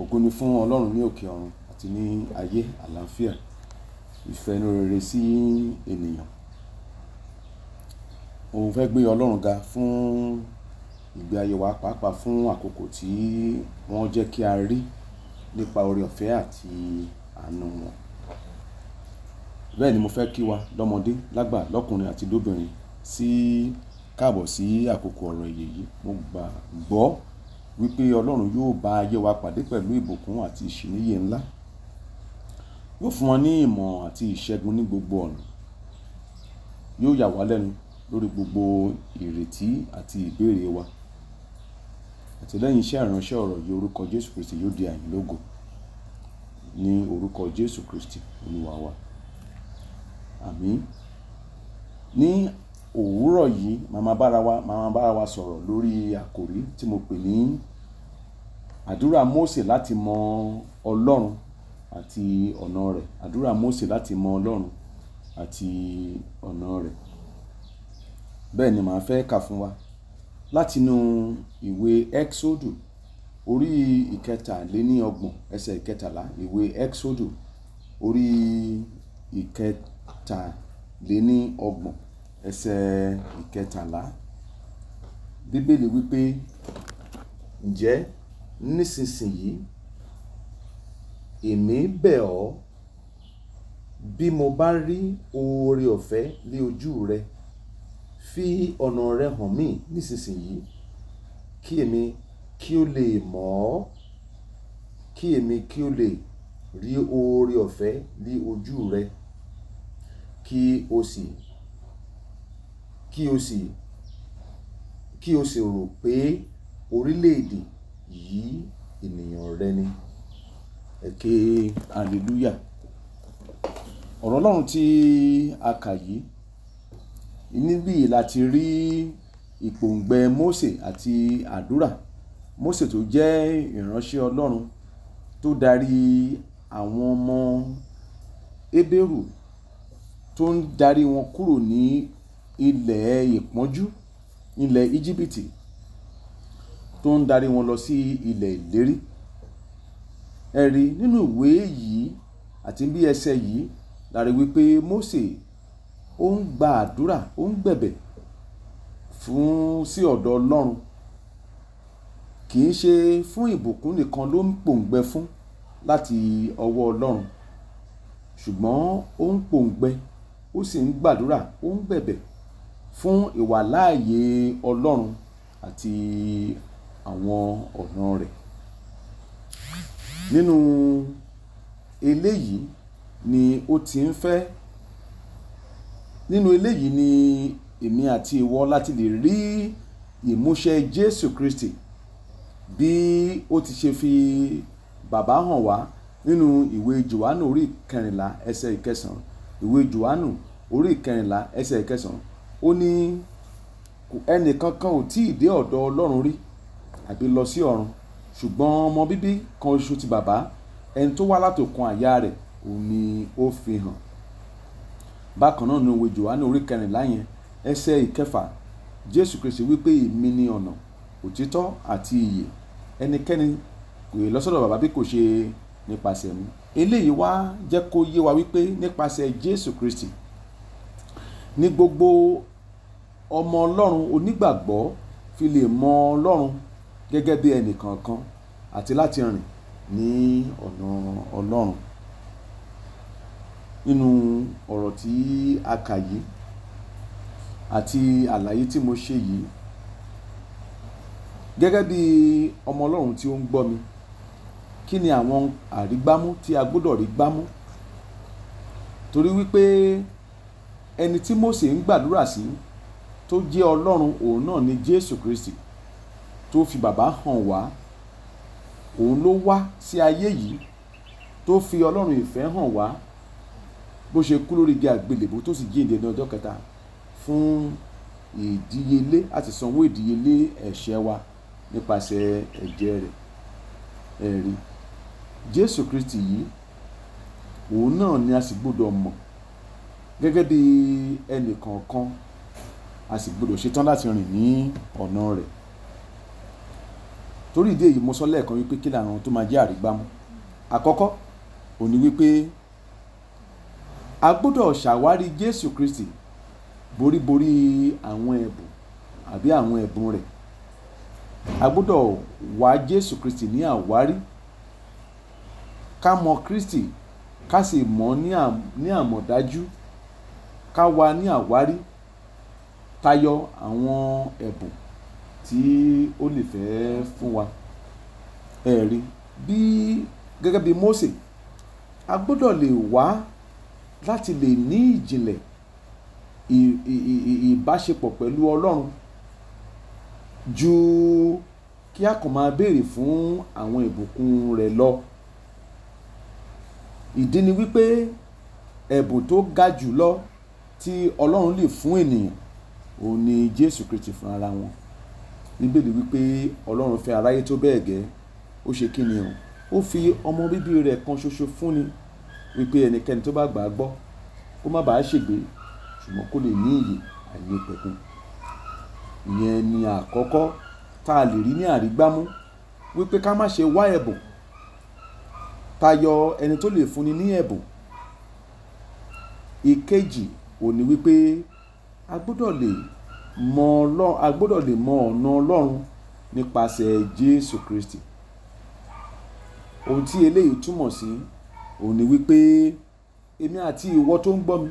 Ògo ni fún Ọlọ́run ní òkè ọ̀run àti ní ayé àlàáfíà. Ìfẹ́ inú rere sí ènìyàn. Mo fẹ́ gbé Ọlọ́run ga fún ìgbé ayé wa, pàápàá fún àkókò tí wọ́n jẹ́ kí a rí nípa oore ọ̀fẹ́ àti àánú wọn. Bẹ́ẹ̀ ni mo fẹ́ kí wa lọ́mọdé, lágbà, lọ́kùnrin àti lóbìnrin sí káàbọ̀ sí àkókò ọ̀rọ̀ ìyè yìí. Mo gbàgbọ́ wípé Ọlọ́run yóò bá ayé wa pàdé pẹ̀lú ìbùkún àti ìṣíníyè ńlá yóò fún wọn ní ìmọ̀ àti ìṣẹ́gun ní gbogbo ọ̀nà yóò yà wá lẹ́nu lórí gbogbo ìrètí àti ìbéèrè wa àtìlẹ́yìn iṣẹ́ ìránṣẹ́ ọ̀rọ̀ yìí orúkọ Jésù Kristi yóò di àyìn lógo ní orúkọ Jésù Kristi Olúwa wa àmín ní òwúrọ̀ yìí màmá bára wa màmá bára wa sọ̀rọ̀ lórí àkòrí tí mo pè ní àdúrà Mósè láti mọ Ọlọ́run àti ọ̀nà rẹ̀ àdúrà Mósè láti mọ Ọlọ́run àti ọ̀nà rẹ̀ bẹ́ẹ̀ ni màá fẹ́ kà fún wa látinú ìwé Ẹ́ksódù orí ìkẹtàléníọgbọ̀n ẹsẹ̀ ìkẹtàlá ìwé Ẹ́ksódù orí ìkẹtàléníọgbọ̀n ẹsẹ̀ ìkẹtàlá bíbélì wípé ǹjẹ́ nísinsìnyí èmi bẹ̀ ọ́ bí mo bá rí oore ọ̀fẹ́ ní ojú rẹ fi ọ̀nà rẹ hàn mí nísinsìnyí kí èmi kí ó lè mọ̀ ọ́ kí èmi kí ó lè rí oore ọ̀fẹ́ ní ojú rẹ kí o sì kí o sì kí o sì rò pé orílẹ̀-èdè yìí ènìyàn rẹ ni. Ẹ ké hallelujah. Ọ̀rọ̀ Ọlọ́run tí a kà yìí, níbí láti rí ìpòǹgbẹ Mósè àti àdúrà. Mósè tó jẹ́ ìránṣẹ́ Ọlọ́run tó darí àwọn ọmọ Hébérù tó ń darí wọn kúrò ní ilẹ̀ ìpọ́njú ilẹ̀ íjíbítì tó ń darí wọn lọ sí ilẹ̀ ìlérí ẹ̀rí nínú ìwé yìí àti bí ẹsẹ̀ yìí la rí wípé Mósè ó ń gba àdúrà ó ń gbẹ̀bẹ̀ fún sí ọ̀dọ̀ Ọlọ́run kì í ṣe fún ìbùkún nìkan ló ń pòǹgbẹ fún láti ọwọ́ Ọlọ́run ṣùgbọ́n ó ń pòǹgbẹ ó sì ń gbàdúrà ó ń bẹ̀bẹ̀ fún ìwàláàyè Ọlọ́run àti àwọn ọ̀nà rẹ̀. Nínú eléyìí ni ó ti ń fẹ́, nínú eléyìí ni èmi àti ìwọ láti lè rí ìmúṣẹ Jésù Kristi bí ó ti ṣe fi bàbá hàn wá nínú ìwé Jòhánù orí ìkẹrìnlá ẹsẹ̀ ìkẹsàn ìwé Jòhánù orí ìkẹrìnlá ẹsẹ̀ ìkẹsàn ó ní ẹnì kankan ò tí ì dé ọ̀dọ̀ ọlọ́run rí àbí lọ sí ọ̀run ṣùgbọ́n ọmọ bíbí kan oṣù ti bàbá ẹni tó wá látòkun àyà rẹ̀ òun ni ó fi hàn bákan náà ní òwe Jòhánù orí kẹrìnlá yẹn ẹsẹ̀ ìkẹfà Jésù Kristi wípé èmi ni ọ̀nà òtítọ́ àti ìyè ẹnikẹ́ni kò yẹ lọ́sọ̀dọ̀ bàbá bí kò ṣe nípasẹ̀ mi eléyìí wá jẹ́ kó yé wa wípé nípasẹ̀ Jésù Kristi ní gbogbo ọmọ Ọlọ́run onígbàgbọ́ fi lè mọ Ọlọ́run gẹ́gẹ́ bí ẹnì kọ̀ọ̀kan àti láti rìn ní ọ̀nà Ọlọ́run. Nínú ọ̀rọ̀ tí a kà yìí àti àlàyé tí mo ṣe yìí gẹ́gẹ́ bí ọmọ Ọlọ́run tí ó ń gbọ́ mi kí ni àwọn àrígbámú tí a gbọ́dọ̀ rí gbámú torí wípé ẹni tí Mósè ń gbàdúrà sí tó jẹ́ ọlọ́run òun náà ni jésù kristi tó fi bàbá hàn wá òun ló wá sí ayé yìí tó fi ọlọ́run ìfẹ́ hàn wá bó ṣe kú lórí igi àgbélébó tó sì jíǹde ní ọjọ́ kẹta fún ìdíyelé àti sanwó ìdíyelé ẹ̀ṣẹ̀ wa nípasẹ̀ ẹ̀jẹ̀ rẹ̀ ẹ̀rí jésù kristi yìí òun náà ni a sì gbọ́dọ̀ mọ̀ gẹ́gẹ́ bí ẹnìkọ̀ọ̀kan a sì gbọdọ̀ ṣetán láti rìn ní ọ̀nà rẹ̀ torí ìdí èyí mo sọ lẹ́ẹ̀kan wípé kí làwọn tó máa jẹ́ àrígbámú àkọ́kọ́ ò ní wípé a gbọ́dọ̀ ṣàwárí Jésù Kristi boríborí àwọn ẹ̀bùn àbí àwọn ẹ̀bùn rẹ̀ a gbọ́dọ̀ wá Jésù Kristi ní àwárí ká mọ Kristi ká sì mọ̀ ní àmọ̀dájú ká wá ní àwárí tayọ àwọn ẹ̀bùn tí ó lè fẹ́ fún wa. Ẹ̀rí bí gẹ́gẹ́ bí Mósè, a gbọ́dọ̀ lè wá láti lè ní ìjìnlẹ̀ ìbáṣepọ̀ pẹ̀lú Ọlọ́run ju kí a kàn máa béèrè fún àwọn ìbùkún rẹ̀ lọ. Ìdí ni wípé ẹ̀bùn tó ga jù lọ tí Ọlọ́run lè fún ènìyàn òun ni Jésù Kristi fún ara wọn níbèrè wípé Ọlọ́run fẹ́ aráyé tó bẹ́ẹ̀ gẹ́ ó ṣe kí ni o ó fi ọmọ bíbí rẹ̀ kan ṣoṣo fúnni wípé ẹnikẹ́ni tó bá gbà á gbọ́ kó má bàa ṣègbé ṣùgbọ́n kó lè ní ìyè àìyè pẹ̀kun ìyẹn ni àkọ́kọ́ tá a lè rí ní àrígbámú wípé ká má ṣe wá ẹ̀bùn tayọ ẹni tó lè fúnni ní ẹ̀bùn ìkejì òní wípé a gbọ́dọ̀ lè mọ ọlọ́run a gbọ́dọ̀ lè mọ ọ̀nà ọlọ́run nípasẹ̀ Jésù Kristi ohun tí eléyìí túmọ̀ sí òun ni wípé èmi àti ìwọ tó ń gbọ́ mi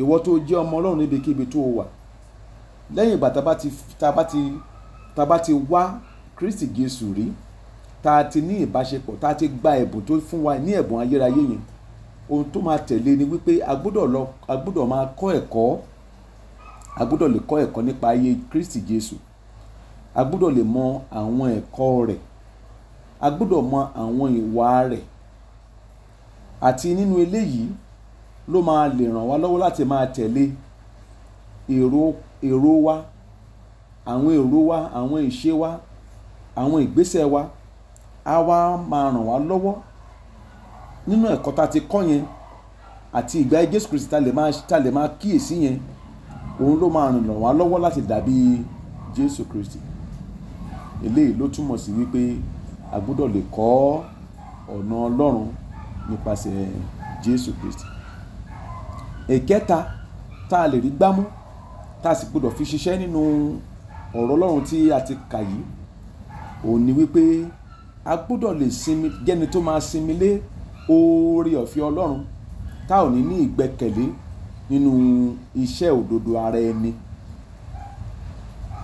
ìwọ tó jẹ́ ọmọ ọlọ́run níbikíbi tó o wà lẹ́yìn ìgbà tá bá ti tá a bá ti wá Kristi Jésù rí tá a ti ní ìbáṣepọ̀ tá a ti gba ẹ̀bùn tó fún wa ní ẹ̀bùn ayérayé yẹn ohun tó máa tẹ̀lé ni wípé a gbọ́dọ̀ lọ a gbọ́dọ̀ máa kọ́ ẹ̀kọ́ a gbọ́dọ̀ lè kọ́ ẹ̀kọ́ nípa ayé Kristi Jésù a gbọ́dọ̀ lè mọ àwọn ẹ̀kọ́ rẹ̀ a gbọ́dọ̀ mọ àwọn ìwà rẹ̀ àti nínú eléyìí ló máa lè ràn wá lọ́wọ́ láti máa tẹ̀lé èrò èrò wa àwọn èrò wa àwọn ìṣe wa àwọn ìgbésẹ̀ wa á wá máa ràn wá lọ́wọ́ nínú ẹ̀kọ́ tá ti kọ́ yẹn àti ìgbà Jésù Kristi tá lè máa kíyèsí yẹn òun ló máa ràn wá lọ́wọ́ láti dàbí Jésù Kristi eléyìí ló túmọ̀ sí wípé a gbọ́dọ̀ lè kọ́ ọ̀nà Ọlọ́run nípasẹ̀ Jésù Kristi ìkẹta tá a lè rí gbámú tá a sì gbọ́dọ̀ fi ṣiṣẹ́ nínú ọ̀rọ̀ Ọlọ́run tí a ti kà yìí òun ni wípé a gbọ́dọ̀ lè sinmi jẹ́ni tó máa sinmi lé oore ọ̀fẹ́ Ọlọ́run tá ò ní ní ìgbẹ́kẹ̀lé nínú iṣẹ́ òdodo ara ẹni.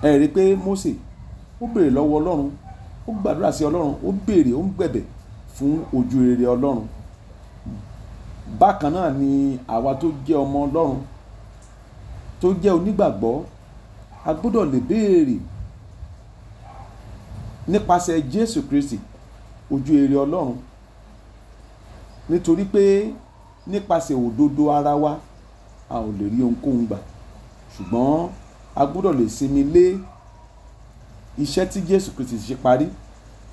Ẹ rí i pé Mósè ó béèrè lọ́wọ́ Ọlọ́run, ó gbàdúrà sí Ọlọ́run, ó béèrè, ó ń gbẹ̀bẹ̀ fún ojú rere Ọlọ́run. Bákan náà ni àwa tó jẹ́ ọmọ Ọlọ́run tó jẹ́ onígbàgbọ́ a gbọ́dọ̀ lè béèrè nípasẹ̀ Jésù Kristi ojú rere Ọlọ́run nítorí pé nípasẹ̀ òdodo ara wa a ò lè rí ohunkóhun gbà ṣùgbọ́n a gbọ́dọ̀ lè sinmi lé iṣẹ́ tí Jésù Kristi ṣe parí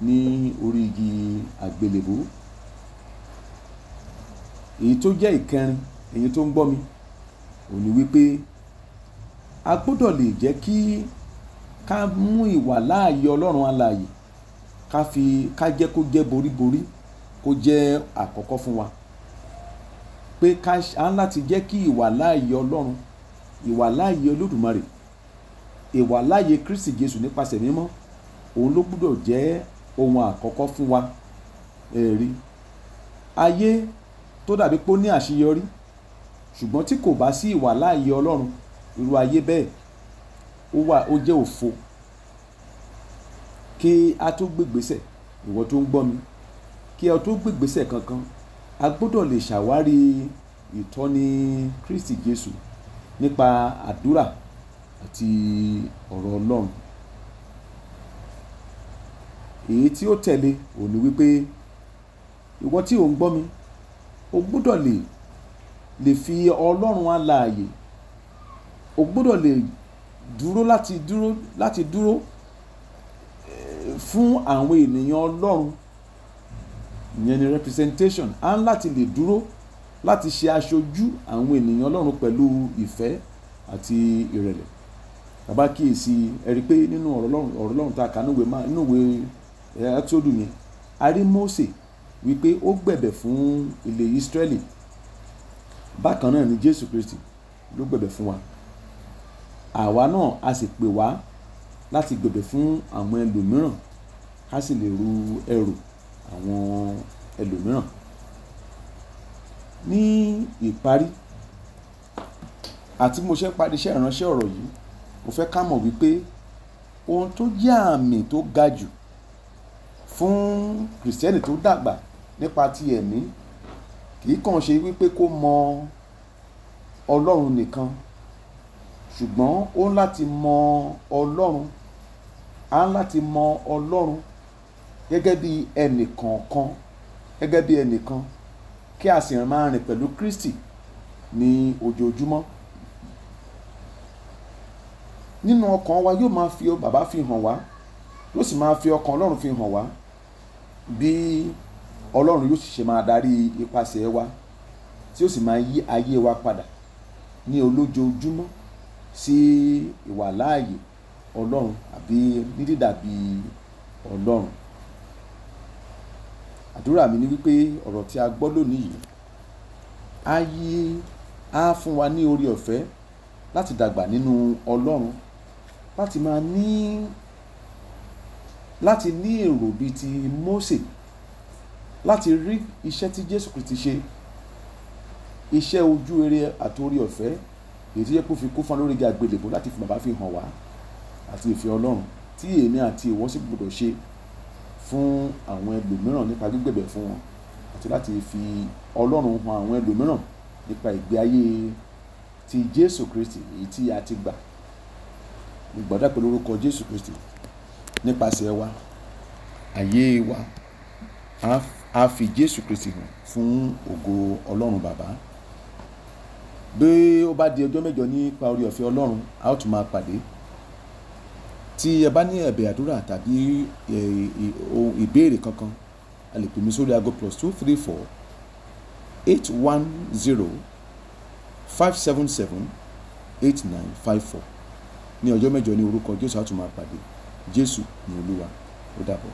ní orí igi àgbélébú èyí tó jẹ́ ìkẹrin èyí tó ń gbọ́ mi ò ní wípé a gbọ́dọ̀ lè jẹ́ kí ká mú ìwà láàyè Ọlọ́run alààyè ká fi ká jẹ́ kó jẹ́ boríborí kó jẹ́ àkọ́kọ́ fún wa pé ká á láti jẹ́ kí ìwàláàyè ọlọ́run ìwàláàyè olódùmarè ìwàláàyè kristi jésù nípasẹ̀ mímọ́ òun ló gbúdọ̀ jẹ́ ohun àkọ́kọ́ fún wa ẹ̀rí ayé tó dàbí pé ó ní àṣeyọrí ṣùgbọ́n tí kò bá sí ìwàláàyè ọlọ́run irú ayé bẹ́ẹ̀ ó wà ó jẹ́ òfo kí a tó gbégbésẹ̀ ìwọ tó ń gbọ́ mi kí a tó gbégbésẹ̀ kankan a gbọ́dọ̀ lè ṣàwárí ìtọ́ni Kristi Jésù nípa àdúrà àti ọ̀rọ̀ Ọlọ́run. Èyí tí ó tẹ̀lé òun ni wípé ìwọ tí ò ń gbọ́ mi o gbọ́dọ̀ lè lè fi Ọlọ́run alààyè o gbọ́dọ̀ lè dúró láti dúró láti dúró eh, fún àwọn ènìyàn Ọlọ́run ìyẹn ni representation à ń láti lè dúró láti ṣe aṣojú àwọn ènìyàn ọlọ́run pẹ̀lú ìfẹ́ àti ìrẹ̀lẹ̀ bàbá kíyèsí ẹ̀rí pé nínú ọ̀rọ̀ ọlọ́run tá a kà níwèé máa níwèé ẹ́tọ́dù yẹn a rí Mósè wípé ó gbẹ̀bẹ̀ fún ilẹ̀ Ísírẹ́lì bákan náà ni Jésù Kristi ló gbẹ̀bẹ̀ fún wa àwa náà a sì pè wá láti gbẹ̀bẹ̀ fún àwọn ẹlòmíràn a sì lè ru ẹrù àwọn ẹlòmíràn. Ní ìparí, àti bí mo ṣe ń parí iṣẹ́ ìránṣẹ́ ọ̀rọ̀ yìí, mo fẹ́ ká mọ̀ wípé ohun tó jẹ́ àmì tó ga jù fún Kristẹni tó dàgbà nípa ti ẹ̀mí kì í kàn ṣe wípé kó mọ Ọlọ́run nìkan, ṣùgbọ́n ó ń láti mọ Ọlọ́run, a ń láti mọ Ọlọ́run gẹ́gẹ́ bí ẹnì kọ̀ọ̀kan gẹ́gẹ́ bí ẹnìkan kí a sì máa rìn pẹ̀lú Kristi ní ojoojúmọ́ nínú ọkàn wa yóò máa fi bàbá fi hàn wá yóò sì máa fi ọkàn Ọlọ́run fi hàn wá bí Ọlọ́run yóò sì ṣe máa darí ipasẹ̀ wa tí ó sì máa yí ayé wa padà ní olójoojúmọ́ sí ìwàláàyè Ọlọ́run àbí dídàbí Ọlọ́run Àdúrà mi ni wípé ọ̀rọ̀ tí a gbọ́ lónìí yìí, á yí, á fún wa ní oore ọ̀fẹ́ láti dàgbà nínú Ọlọ́run, láti máa ní, láti ní èrò bíi ti Mósè, láti rí iṣẹ́ tí Jésù Kristi ṣe, iṣẹ́ ojú rere àti ọ̀fẹ́ èyí tó jẹ́ fi kú fún wa lórí igi láti fi bàbá fi hàn wá àti ìfẹ́ Ọlọ́run tí èmi àti ìwọ gbọdọ̀ ṣe fún àwọn ẹlòmíràn nípa gbígbẹ̀bẹ̀ fún wọn àti láti fi Ọlọ́run hàn àwọn ẹlòmíràn nípa ìgbé ayé ti Jésù Kristi èyí tí a ti gbà mo gbàdúrà pé lórúkọ Jésù Kristi nípasẹ̀ wa ayé wa a fi Jésù Kristi hàn fún ògo Ọlọ́run bàbá bí ó bá di ọjọ́ mẹ́jọ nípa orí ọ̀fẹ́ Ọlọ́run a ó tún máa pàdé tí ẹ bá ní ẹ̀bẹ̀ àdúrà tàbí ìbéèrè kankan a lè pè mí sórí aago plus two three four eight one zero five seven seven eight nine five four ní ọjọ́ mẹ́jọ ní orúkọ Jésù a tún máa pàdé Jésù ní Olúwa ó dàbọ̀.